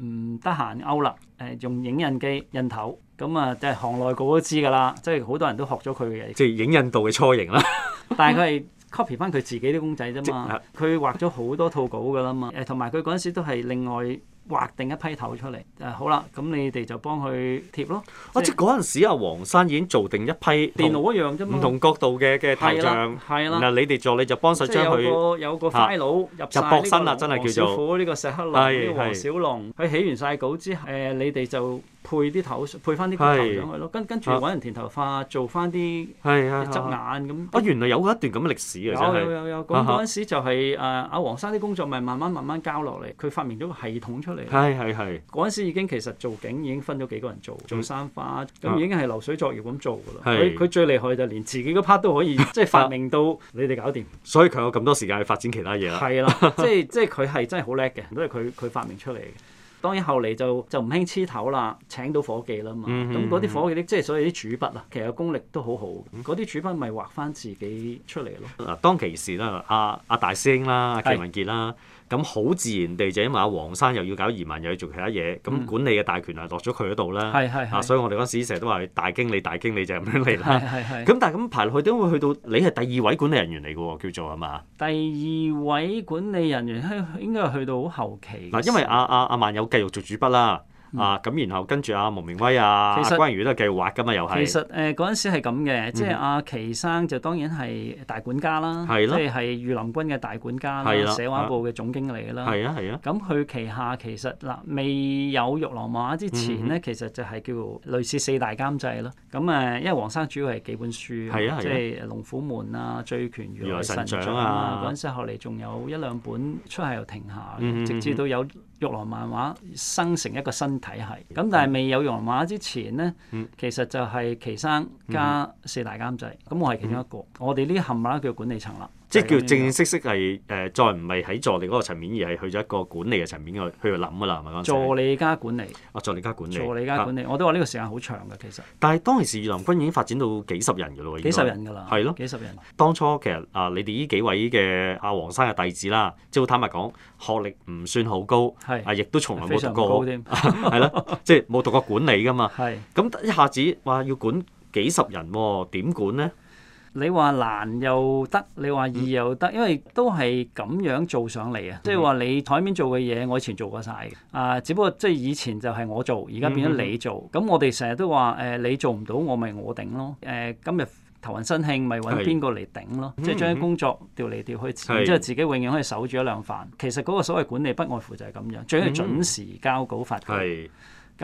唔得閒勾啦，誒、呃、用影印機印頭。咁、嗯、啊、嗯，即係行內個個都知㗎啦，即係好多人都學咗佢嘅。即係影印度嘅初形啦。 但係佢係，copy 翻佢自己啲公仔啫嘛，佢畫咗好多套稿噶啦嘛，誒同埋佢嗰陣時都係另外畫定一批頭出嚟，誒好啦，咁你哋就幫佢貼咯。即係嗰陣時阿黃生已經做定一批電腦一樣啫嘛，唔同角度嘅嘅頭像，嗱你哋助理就幫手將佢，有個 file 入入薄身啦，真係叫做呢個石黑龍、呢個黃小龍，佢起完曬稿之後，誒你哋就。配啲頭，配翻啲頭上去咯。跟跟住揾人填頭髮，做翻啲，啲執眼咁。啊，原來有一段咁嘅歷史嘅，有有有，嚇。嗰陣時就係誒阿黃生啲工作咪慢慢慢慢交落嚟，佢發明咗個系統出嚟。係係係。嗰陣時已經其實做景已經分咗幾個人做，做山花咁已經係流水作業咁做㗎啦。佢佢最厲害就連自己嗰 part 都可以即係發明到你哋搞掂。所以佢有咁多時間去發展其他嘢啦。係啦，即係即係佢係真係好叻嘅，都係佢佢發明出嚟嘅。當然後嚟就就唔興黐頭啦，請到伙計啦嘛。咁嗰啲伙計嗯嗯嗯，即係所以啲主筆啊，其實功力都好好。嗰啲，嗯、主筆咪畫翻自己出嚟咯。嗱，當其時啦，阿、啊、阿大師兄啦，阿、啊、祁文傑啦。咁好自然地就因為阿黃生又要搞移民，又要做其他嘢，咁、嗯、管理嘅大權啊落咗佢嗰度啦。係係係啊，所以我哋嗰時成日都話大經理大經理就咁樣嚟啦。咁係但係咁排落去，點會去到你係第二位管理人員嚟嘅？叫做吖嘛？第二位管理人員應應該係去到好後期。因為阿阿阿萬有繼續做主筆啦。啊，咁然後跟住阿蒙明威啊、其關雲宇都幾滑噶嘛，又係。其實誒嗰陣時係咁嘅，即係阿奇生就當然係大管家啦，即係係御林軍嘅大管家啦，寫畫部嘅總經理啦。咁佢旗下其實嗱未有玉龍馬之前咧，其實就係叫類似四大監製咯。咁誒，因為黃生主要係幾本書，即係龍虎門啊、醉拳如來神掌啊嗰陣時，後嚟仲有一兩本出喺又停下，直至到有。玉蘭漫畫生成一個新體系，咁但係未有玉蘭漫畫之前咧，嗯、其實就係奇生加四大監製，咁、嗯、哼我係其中一個，嗯、我哋呢啲冚唪唥叫管理層啦。即係叫正正式式係誒，再唔係喺助理嗰個層面，而係去咗一個管理嘅層面去去諗㗎啦，係咪講助理加管理。哦、啊，助理加管理。我都話呢個時間好長嘅其實。但係當其時，御林軍已經發展到幾十人㗎咯喎。幾十人㗎啦。係咯。幾十人。當初其實啊，你哋呢幾位嘅阿黃生嘅弟子啦，即係好坦白講，學歷唔算好高，是啊，亦都從來冇讀過，係咯， 即係冇讀過管理㗎嘛。咁是一下子話要管幾十人喎、啊？點管呢？你話難又得，你話易又得，因為都係咁樣做上嚟啊！即係話你台面做嘅嘢，我以前做過晒嘅。啊，只不過即係以前就係我做，而家變咗你做。咁、嗯、哼我哋成日都話誒、呃，你做唔到，我咪我頂咯。誒、呃，今日頭暈身興，咪揾邊個嚟頂咯？是即係將啲工作調嚟調去，然之後自己永遠可以守住一兩飯。其實嗰個所謂管理不外乎就係咁樣，最緊要準時交稿發。嗯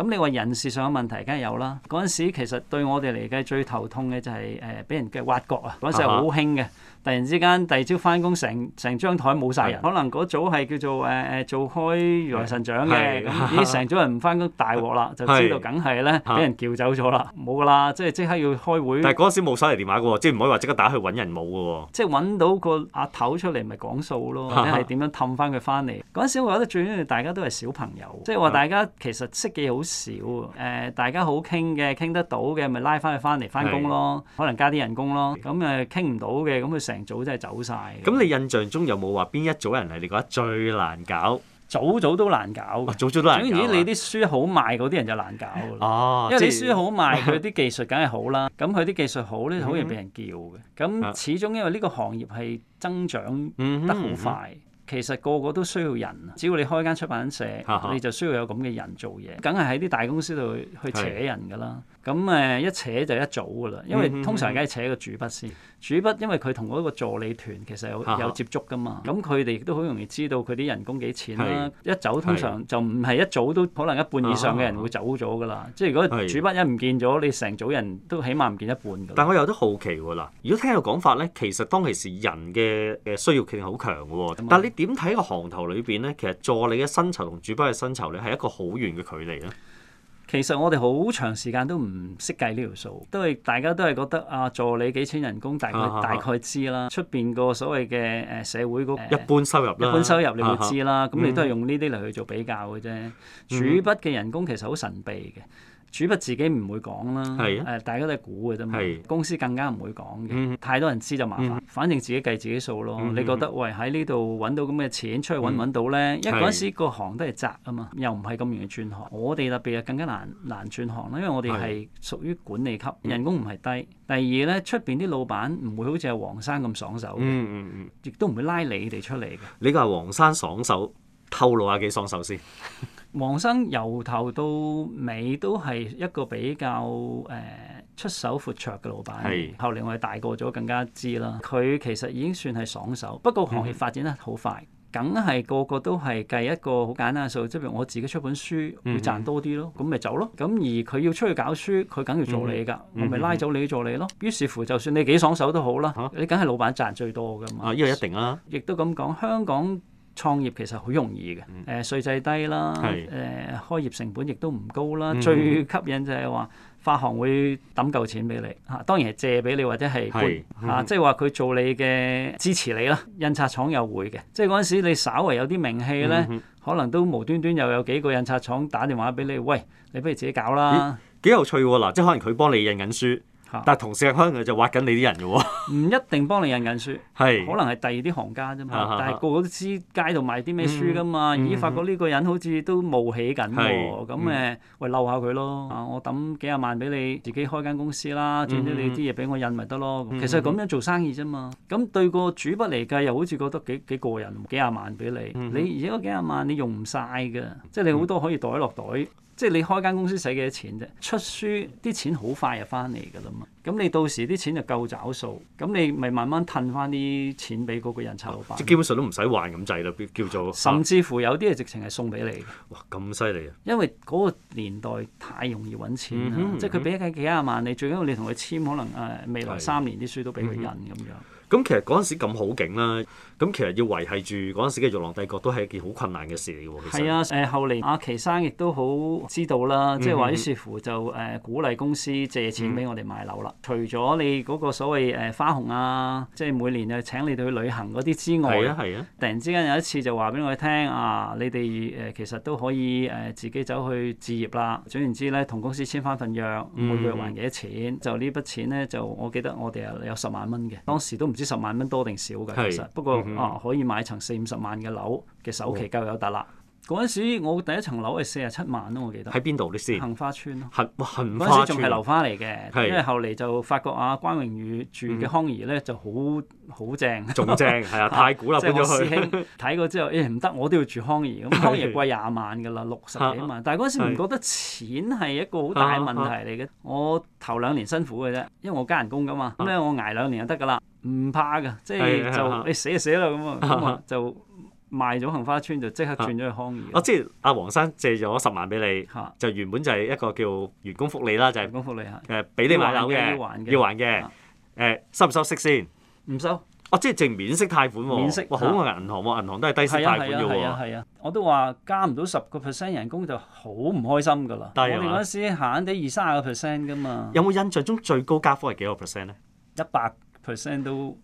咁你話人事上嘅問題，梗係有啦。嗰陣時其實對我哋嚟講最頭痛嘅就係誒俾人嘅挖角啊！嗰陣時係好興嘅，突然之間第二朝翻工，成成張台冇晒人。的可能嗰組係叫做誒誒、呃、做開如來神掌」嘅的，咁已經成組人唔翻工，大鑊啦！的就知道梗係咧俾人叫走咗啦，冇㗎啦，即係即刻要開會。但係嗰陣時冇手提電話嘅喎，即係唔可以話即刻打去揾人冇嘅喎。即係揾到個阿頭出嚟，咪講數咯，或者係點樣氹翻佢翻嚟？嗰陣時我覺得最緊要大家都係小朋友，即係話大家其實識記好。少誒，嗯、大家好傾嘅，傾得到嘅，咪拉翻佢翻嚟翻工咯，的可能加啲人工咯。咁誒傾唔到嘅，咁佢成組真係走晒。咁你印象中有冇話邊一組人係你覺得最難搞？早早都難搞，啊？早早都難搞。早早都難。總言之你啲書好賣嗰啲人就難搞。哦、啊，因為你書好賣，佢啲 技術梗係好啦。咁佢啲技術好咧，好 容易俾人叫嘅。咁始終因為呢個行業係增長得好快。 其實個個都需要人啊！只要你開間出版社，哈哈你就需要有咁嘅人做嘢，梗係喺啲大公司度去扯人㗎啦。咁誒一扯就一組噶啦，因為通常梗係扯個主筆先，主筆因為佢同嗰個助理團其實有有接觸噶嘛，咁佢哋亦都好容易知道佢啲人工幾錢啦、啊。是一走通常是就唔係一組都可能一半以上嘅人會走咗噶啦。啊啊啊、即係如果主筆一唔見咗，是你成組人都起碼唔見一半。但我有啲好奇喎啦，如果聽個講法咧，其實當其時人嘅嘅需要勁好強嘅喎。的但你點睇個行頭裏邊咧？其實助理嘅薪酬同主筆嘅薪酬咧係一個好遠嘅距離咧。其實我哋好長時間都唔識計呢條數，都係大家都係覺得啊，助理幾錢人工大概大概，大概知啦，出邊個所謂嘅誒、呃、社會、呃、一般收入一般收入你會知啦，咁、嗯、你都係用呢啲嚟去做比較嘅啫。主筆嘅人工其實好神秘嘅。嗯主筆自己唔會講啦，誒，大家都係估嘅啫嘛。公司更加唔會講嘅，太多人知就麻煩。反正自己計自己數咯。你覺得喂，喺呢度揾到咁嘅錢，出去揾唔揾到咧？一嗰時個行都係窄啊嘛，又唔係咁容易轉行。我哋特別係，更加難難轉行啦，因為我哋係屬於管理級，人工唔係低。第二咧，出邊啲老闆唔會好似阿黃生咁爽手，亦都唔會拉你哋出嚟嘅。你話黃生爽手，透露下幾爽手先？黃生由頭到尾都係一個比較誒、呃、出手闊綽嘅老闆，是後嚟我哋大個咗更加知啦。佢其實已經算係爽手，不過行業發展得好快，梗係、嗯、哼個個都係計一個好簡單數，即係譬如我自己出本書會賺多啲咯，咁咪走咯。咁而佢要出去搞書，佢梗要做你㗎，嗯、哼我咪拉走你做你咯。於是乎，就算你幾爽手都好啦，啊、你梗係老闆賺最多㗎嘛。呢個、啊、一定啦、啊。亦都咁講，香港，創業其實好容易嘅，誒、呃、稅制低啦，誒是、呃、開業成本亦都唔高啦，嗯、最吸引就係話發行會揼夠錢俾你嚇、啊，當然係借俾你或者係，即係話佢做你嘅支持你啦。印刷廠又會嘅，即係嗰陣時你稍為有啲名氣咧，嗯、哼可能都無端端又有幾個印刷廠打電話俾你，喂，你不如自己搞啦。幾有趣喎，嗱，即係可能佢幫你印緊書。但係同事可能就挖緊你啲人㗎喎，唔一定幫你印印書，可能係第二啲行家啫嘛。但係個個都知街度賣啲咩書㗎嘛？已經，發覺呢個人好似都冒起緊喎，咁誒，喂，溜下佢咯。我抌幾廿萬俾你，自己開間公司啦，轉咗你啲嘢俾我印咪得咯。其實咁樣做生意啫嘛。咁對個主筆嚟計，又好似覺得幾幾過癮，幾廿萬俾你，你而且嗰幾廿萬你用唔晒㗎，即係你好多可以袋落袋。即係你開間公司使幾多錢啫？出書啲錢好快就翻嚟噶啦嘛，咁你到時啲錢就夠找數，咁你咪慢慢褪翻啲錢俾嗰個人湊翻，啊。即基本上都唔使還咁滯啦，叫做甚至乎有啲係直情係送俾你。哇！咁犀利啊！因為嗰個年代太容易揾錢，嗯嗯、即係佢俾一個幾廿萬你，最緊要你同佢簽，可能誒未來三年啲書都俾佢印咁樣。咁、嗯、其實嗰陣時咁好景啦，啊。咁其實要維係住嗰陣時嘅玉郎帝國都係一件好困難嘅事嚟嘅喎，係啊，誒、呃、後嚟阿奇生亦都好知道啦，即係話於是乎就誒、呃、鼓勵公司借錢俾我哋買樓啦。嗯、除咗你嗰個所謂誒、呃、花紅啊，即係每年誒請你哋去旅行嗰啲之外，啊啊、突然之間有一次就話俾我哋聽啊，你哋誒、呃、其實都可以誒、呃、自己走去置業啦。總言之咧，同公司簽翻份約，每個月還幾多錢。嗯、就筆錢呢筆錢咧，就我記得我哋有十萬蚊嘅，當時都唔知十萬蚊多定少㗎，其實是不過。啊！可以買層四五十萬嘅樓嘅首期夠有得啦！嗰陣時我第一層樓係四十七萬咯，我記得。喺邊度你先？杏花村咯。杏花村。嗰時仲係樓花嚟嘅，因為後嚟就發覺啊關榮宇住嘅康怡咧就好好正，仲正係啊太古啦搬咗去。師兄睇過之後，誒唔得，我都要住康怡咁，康怡貴廿萬噶啦，六十幾萬。但係嗰陣時唔覺得錢係一個好大嘅問題嚟嘅。我頭兩年辛苦嘅啫，因為我加人工噶嘛，咁咧我捱兩年就得噶啦。唔怕噶，即係就你死就死啦咁啊，咁啊就賣咗杏花村就即刻轉咗去康怡。哦，即係阿黃生借咗十萬俾你，就原本就係一個叫員工福利啦，就係員工福利吓，誒，俾你買樓嘅，要還嘅，誒，收唔收息先？唔收。哦，即係淨免息貸款喎，免息。哇，好過銀行喎，銀行都係低息貸款嘅喎。係啊，我都話加唔到十個 percent 人工就好唔開心噶啦。但係我哋嗰時閒閒哋二三十個 percent 噶嘛。有冇印象中最高加幅係幾個 percent 咧？一百。percent 都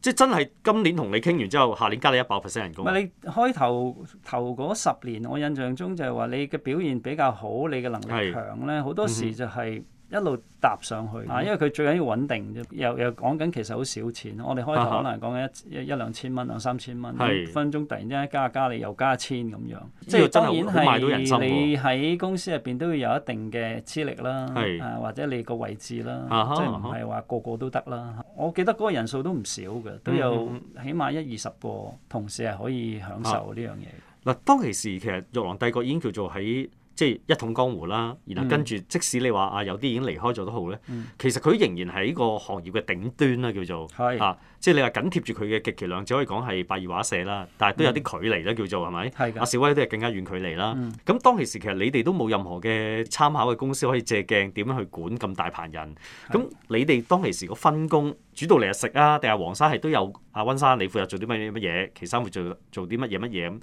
即真係今年同你傾完之後，下年加你一百 percent 人工。唔係你開頭頭嗰十年，我印象中就係話你嘅表現比較好，你嘅能力強咧，好係多時就係、係。嗯。一路搭上去啊，因為佢最緊要穩定又又講緊其實好少錢，我哋開頭可能講緊一、啊、哈一,一兩千蚊、兩三千蚊是分分鐘突然之間加一加你又加，加一千咁樣。即係當然係你喺公司入邊都要有一定嘅資歷啦，啊是或者你個位置啦，啊、哈即係唔係話個個都得啦。啊、哈我記得嗰個人數都唔少嘅，嗯、都有起碼一二十個同事係可以享受呢樣嘢。嗱、啊啊，當其時其實玉郎帝國已經叫做喺。即係一統江湖啦，然後跟住，即使你話啊有啲已經離開咗都好咧，嗯、其實佢仍然係呢個行業嘅頂端啦，叫做嚇是、啊。即係你話緊貼住佢嘅極其量，只可以講係八二畫社啦，但係都有啲距離啦。嗯、叫做係咪？阿的、啊、小威都係更加遠距離啦。咁、嗯、當其時其實你哋都冇任何嘅參考嘅公司可以借鏡點樣去管咁大盤人。咁的你哋當其時個分工，主導嚟食啊，定係黃生係都有？阿温生你負責做啲乜嘢乜嘢，其他會做做啲乜嘢乜嘢咁，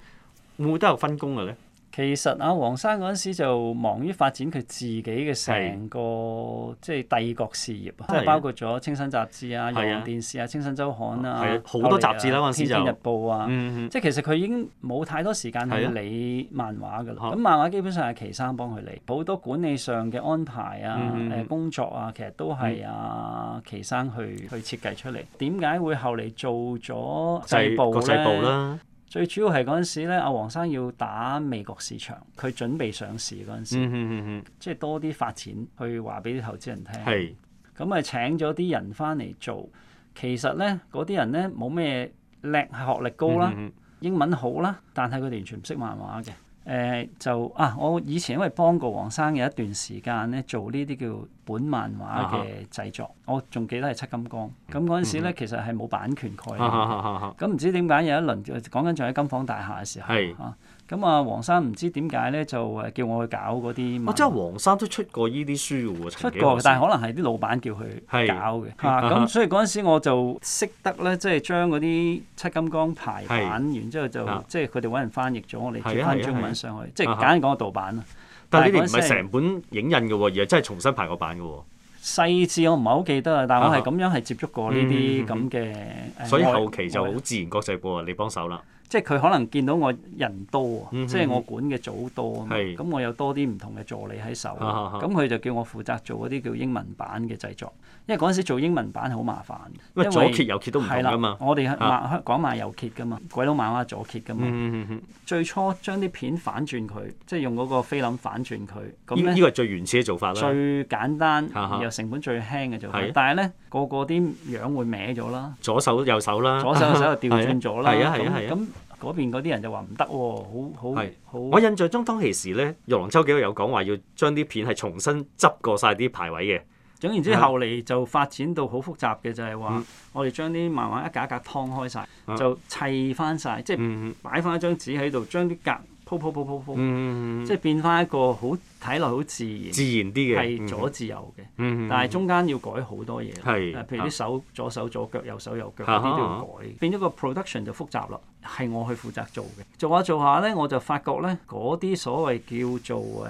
會唔會都有分工嘅咧？其實啊，黃生嗰陣時就忙於發展佢自己嘅成個即係帝國事業，即係包括咗《清新雜誌》啊，《日用電視》啊，《清新週刊》啦，好多雜誌啦嗰陣時就《天天日報》啊，即係其實佢已經冇太多時間去理漫畫㗎啦。咁漫畫基本上係奇生幫佢理，好多管理上嘅安排啊、誒工作啊，其實都係阿奇生去去設計出嚟。點解會後嚟做咗製部咧？最主要係嗰陣時咧，阿黃生要打美國市場，佢準備上市嗰陣時，嗯、哼哼即係多啲發展去話俾啲投資人聽。係，咁咪請咗啲人翻嚟做。其實咧，嗰啲人咧冇咩叻，係學歷高啦，嗯、哼哼英文好啦，但係佢哋完全唔識漫畫嘅。誒、呃、就啊！我以前因為幫過黃生有一段時間咧，做呢啲叫本漫畫嘅製作，uh huh. 我仲記得係七金剛。咁嗰陣時咧，mm hmm. 其實係冇版權概念嘅。咁唔知點解有一輪講緊仲喺金房大廈嘅時候。Uh huh. 啊咁啊，黃生唔知點解咧，就誒叫我去搞嗰啲。即係黃生都出過呢啲書嘅喎，出過，但係可能係啲老闆叫佢搞嘅。咁所以嗰陣時我就識得咧，即係將嗰啲七金剛排版，然之後就即係佢哋揾人翻譯咗，我哋貼翻中文上去，即係簡單講個盜版。但係呢啲唔係成本影印嘅喎，而係真係重新排個版嘅喎。細緻我唔係好記得啊，但係我係咁樣係接觸過呢啲咁嘅。所以後期就好自然國際部啊，你幫手啦。即係佢可能見到我人多啊，嗯、哼即係我管嘅組多啊，咁是我有多啲唔同嘅助理喺手，咁佢、啊、就叫我負責做嗰啲叫英文版嘅製作。因為嗰陣時做英文版係好麻煩，因為左揭右揭都唔同噶嘛。我哋係講埋右揭噶嘛，鬼佬漫畫左揭噶嘛。最初將啲片反轉佢，即係用嗰個菲林反轉佢。咁呢，呢個係最原始嘅做法啦。最簡單又成本最輕嘅做法，但係咧個個啲樣會歪咗啦。左手右手啦，左手右手又調轉咗啦。係啊係啊係啊！咁嗰邊嗰啲人就話唔得喎，好好好。我印象中當其時咧，玉郎洲幾個有講話要將啲片係重新執過晒啲排位嘅。總言之，後嚟就發展到好複雜嘅，就係話我哋將啲漫畫一格一格劏開晒，就砌翻晒，即係擺翻一張紙喺度，將啲格鋪鋪鋪鋪鋪，即係變翻一個好睇落好自然自然啲嘅，係左自由嘅。但係中間要改好多嘢，譬如啲手、左手左腳右手右腳嗰啲都要改，變咗個 production 就複雜咯。係我去負責做嘅，做下做下咧，我就發覺咧嗰啲所謂叫做誒。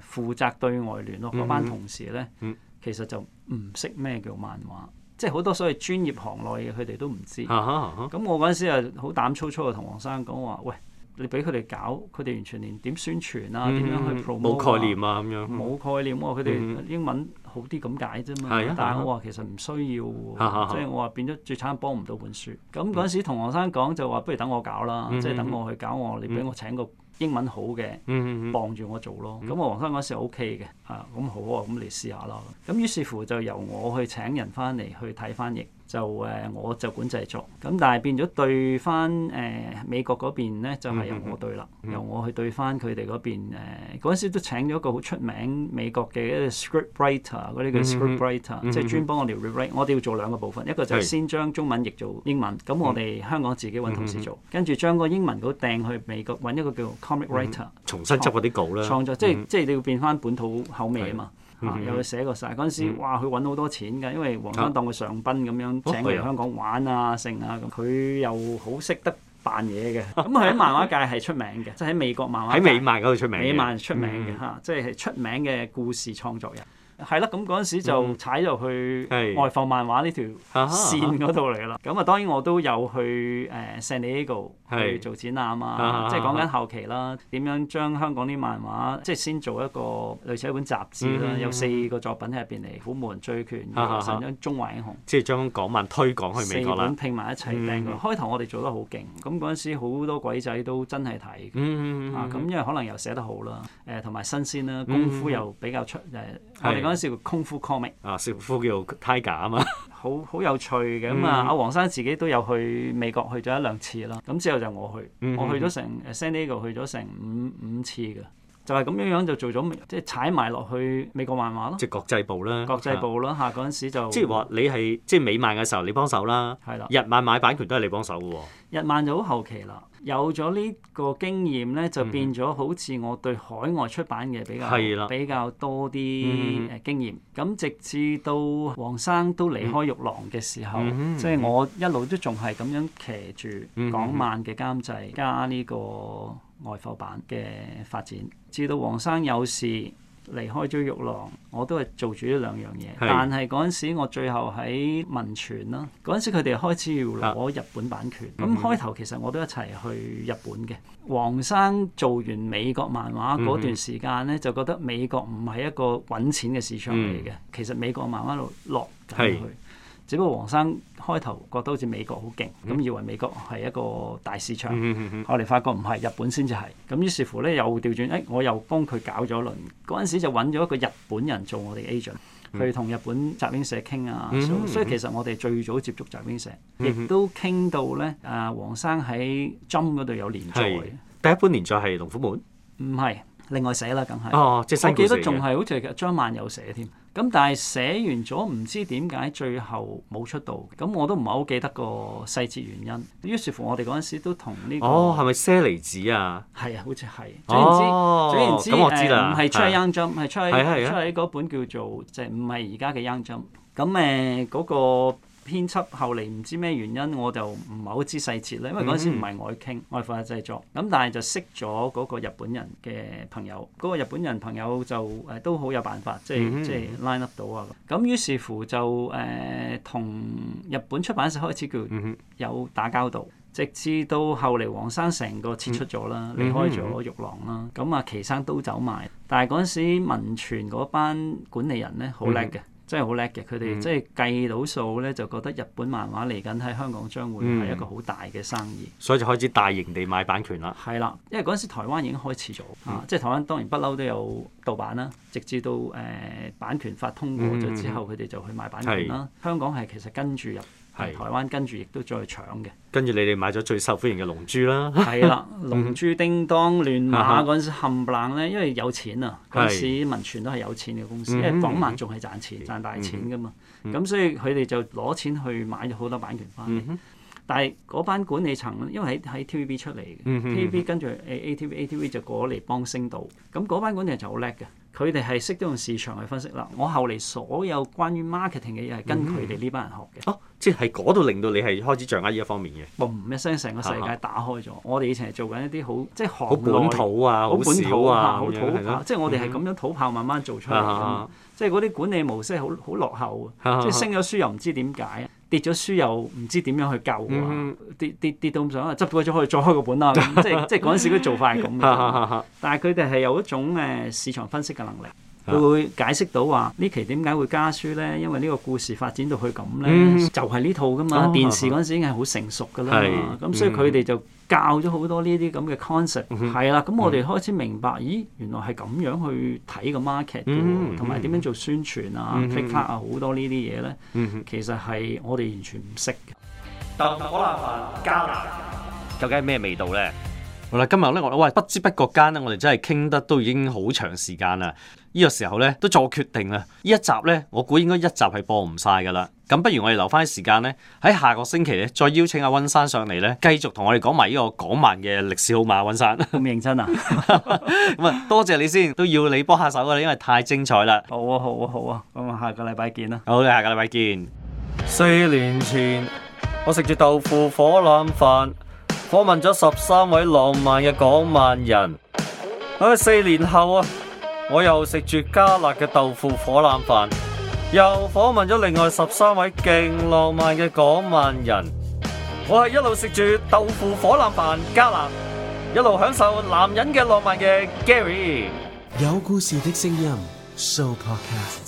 負責對外聯絡嗰班同事咧，其實就唔識咩叫漫畫，即係好多所謂專業行內嘅佢哋都唔知。咁我嗰陣時啊，好膽粗粗啊，同黃生講話：喂，你俾佢哋搞，佢哋完全連點宣傳啊，點樣去 promote，冇概念啊，咁樣冇概念喎。佢哋英文好啲咁解啫嘛。但係我話其實唔需要喎，即係我話變咗最慘幫唔到本書。咁嗰陣時同黃生講就話：不如等我搞啦，即係等我去搞，我你俾我請個。英文好嘅、嗯，嗯嗯嗯，幫住我做咯。咁我黃生嗰時係 O K 嘅，啊咁好啊，咁你試下啦。咁於是乎就由我去請人翻嚟去睇翻譯。就誒，我就管製作，咁但係變咗對翻誒美國嗰邊咧，就係由我對啦，由我去對翻佢哋嗰邊誒。嗰陣時都請咗一個好出名美國嘅一個 scriptwriter，嗰啲叫 scriptwriter，即係專幫我哋 rewrite。我哋要做兩個部分，一個就係先將中文譯做英文，咁我哋香港自己揾同事做，跟住將個英文稿掟去美國揾一個叫 comic writer，重新執嗰啲稿啦，創作，即係即係你要變翻本土口味啊嘛。Mm hmm. 啊！又寫過晒。嗰陣時，哇！佢揾好多錢嘅，因為黃山當佢上賓咁樣請佢嚟香港玩啊、勝啊咁，佢又好識得扮嘢嘅。咁佢喺漫畫界係出名嘅， 即係喺美國漫畫喺美漫嗰度出名嘅，美漫出名嘅、嗯啊、即係出名嘅故事創作人。係啦，咁嗰陣時就踩入去外放漫畫呢條線嗰度嚟噶啦。咁啊哈，當然我都有去誒聖地亞哥。呃去做展覽啊！即係講緊後期啦，點樣將香港啲漫畫，即係先做一個類似一本雜誌啦，有四個作品喺入邊嚟，虎門醉拳，然後想將《中華英雄》即係將港漫推廣去美國啦。四本拼埋一齊掟，開頭我哋做得好勁。咁嗰陣時好多鬼仔都真係睇。啊，咁因為可能又寫得好啦，誒同埋新鮮啦，功夫又比較出誒。我哋嗰陣時叫功夫 comic 啊，少傅叫 Tiger 啊嘛。好好有趣嘅咁啊！阿黃生自己都有去美國去咗一兩次啦。咁之後。就我去，我去咗成，呃 San Diego 去咗成五五次噶。就係咁樣樣就做咗即係踩埋落去美國漫畫咯，即係國際部啦，國際部啦是下嗰陣時就即係話你係即係美漫嘅時候你幫手啦，係啦的，日漫買版權都係你幫手嘅喎，日漫就好後期啦，有咗呢個經驗咧就變咗好似我對海外出版嘅比較、嗯、比較多啲誒經驗，咁的、嗯、直至到黃生都離開玉郎嘅時候，即係、嗯嗯嗯嗯、我一路都仲係咁樣騎住港漫嘅監製加呢、這個。外埠版嘅發展，至到黃生有事離開咗玉郎，我都係做住呢兩樣嘢。是但係嗰陣時，我最後喺民傳啦。嗰陣時佢哋開始要攞日本版權，咁、啊、開頭其實我都一齊去日本嘅。黃生做完美國漫畫嗰段時間咧，嗯、就覺得美國唔係一個揾錢嘅市場嚟嘅。嗯、其實美國漫畫一路落緊去。只不過黃生開頭覺得好似美國好勁，咁以為美國係一個大市場。嗯、哼哼後嚟發覺唔係，日本先至係。咁於是乎咧又調轉，誒、哎、我又幫佢搞咗輪。嗰陣時就揾咗一個日本人做我哋 agent，佢同日本集英社傾啊。嗯、哼所以其實我哋最早接觸集英社，亦都傾到咧。啊，黃生喺 Jump 嗰度有連載。第一本連載係《龍虎門》？唔係，另外寫啦，梗係。我、哦啊、記得仲係好似其實張曼有寫添。咁、嗯、但係寫完咗唔知點解最後冇出道。咁、嗯、我都唔係好記得個細節原因。於是乎我哋嗰陣時都同呢、這個哦係咪《舍利子》啊？係啊，好似係。總言之，哦、總言之，唔係、哦嗯呃、出喺 Young Jump，係出喺、啊、出喺嗰本叫做即係唔係而家嘅 Young Jump。咁誒嗰個。編輯後嚟唔知咩原因，我就唔係好知細節咧，因為嗰時唔係我去傾，我係負責製作。咁但係就識咗嗰個日本人嘅朋友，嗰、那個日本人朋友就誒、呃、都好有辦法，即係、嗯、哼即係 line up 到啊。咁於是乎就誒同、呃、日本出版社開始叫有打交道，直至到後嚟黃生成個撤出咗啦，嗯、哼離開咗玉郎啦。咁啊，奇生都走埋，但係嗰陣時文傳嗰班管理人咧好叻嘅。真係好叻嘅，佢哋即係計到數咧，就覺得日本漫畫嚟緊喺香港將會係一個好大嘅生意，嗯，所以就開始大型地買版權啦。係啦，因為嗰陣時台灣已經開始咗、嗯、啊，即係台灣當然不嬲都有盜版啦，直至到誒、呃、版權法通過咗之後，佢哋、嗯、就去買版權啦。是香港係其實跟住入。係台灣跟住亦都再去搶嘅。跟住你哋買咗最受歡迎嘅龍珠啦。係 啦，龍珠、叮當、亂馬嗰陣時冚唪唥咧，因為有錢啊！嗰陣的時文傳都係有錢嘅公司，的因為廣泛仲係賺錢的賺大錢噶嘛。咁的所以佢哋就攞錢去買咗好多版權翻嚟。嗯、哼但係嗰班管理層，因為喺喺 TVB 出嚟嘅，TVB 跟住 ATV ATV 就過嚟幫升到。咁嗰班管理層就好叻嘅。佢哋係識得用市場去分析啦。我後嚟所有關於 marketing 嘅嘢係跟佢哋呢班人學嘅。哦、嗯啊，即係嗰度令到你係開始掌握呢一方面嘅。嘣一聲，成個世界打開咗。係係係，我哋以前係做緊一啲好即係好本土啊，好本土啊，好、啊啊、土炮。即係我哋係咁樣土炮慢慢做出嚟。即係嗰啲管理模式好好落後啊！係係係係，即係升咗書又唔知點解。係係係係係跌咗書又唔知點樣去救喎、啊，跌跌跌到咁上下，執咗咗可以再開個本啦、啊， 即係即係嗰陣時嗰啲做法係咁嘅。 但係佢哋係有一種誒、啊、市場分析嘅能力，佢 會，會解釋到話呢期點解會加書咧，因為呢個故事發展到去咁咧，嗯、就係呢套㗎嘛、啊。哦、電視嗰陣時已經係好成熟㗎啦，咁、哦、的所以佢哋就。教咗好多呢啲咁嘅 concept，係啦，咁、嗯、哼我哋開始明白，嗯、哼咦，原來係咁樣去睇個 market 同埋點樣做宣傳啊、pitch 啊好多呢啲嘢咧，嗯、哼其實係我哋完全唔識嘅。好可樂飯加辣，究竟係咩味道咧？好啦，今日咧，我喂，不知不覺間咧，我哋真係傾得都已經好長時間啦。呢、這個時候咧，都作決定啦。呢一集咧，我估應該一集係播唔晒㗎啦。咁不如我哋留翻啲時間咧，喺下個星期咧，再邀請阿溫生上嚟咧，繼續同我哋講埋呢個港漫嘅歷史好嘛，溫生？咁認真啊？咁啊，多謝你先，都要你幫下手㗎啦，因為太精彩啦。好啊，好啊，好啊。咁啊，下個禮拜見啦。好，下個禮拜見。四年前，我食住豆腐火腩飯。訪問咗十三位浪漫嘅港萬人，喺、呃、四年後啊，我又食住加辣嘅豆腐火腩飯，又訪問咗另外十三位勁浪漫嘅港萬人，我係一路食住豆腐火腩飯加辣，一路享受男人嘅浪漫嘅 Gary，有故事的聲音 Show Podcast。